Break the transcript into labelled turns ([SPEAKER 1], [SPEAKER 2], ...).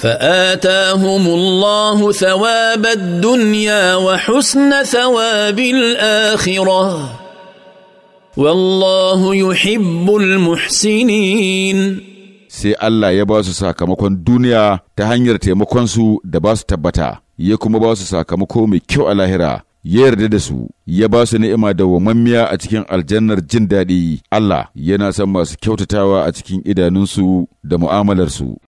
[SPEAKER 1] humullahu الله ثواب wa husna ثواب akhira.
[SPEAKER 2] Wallahu يحب المحسنين
[SPEAKER 3] sai Allah ya ba su sakamakon duniya ta hanyar taimakonsu da ba su tabbata, ya kuma ba su sakamako mai kyau a lahira, ya yarda da su, ya ba su ni'ima da wamammiya a cikin aljannar jin daɗi. Allah yana son masu kyautatawa a cikin idanunsu da mu'amalar su.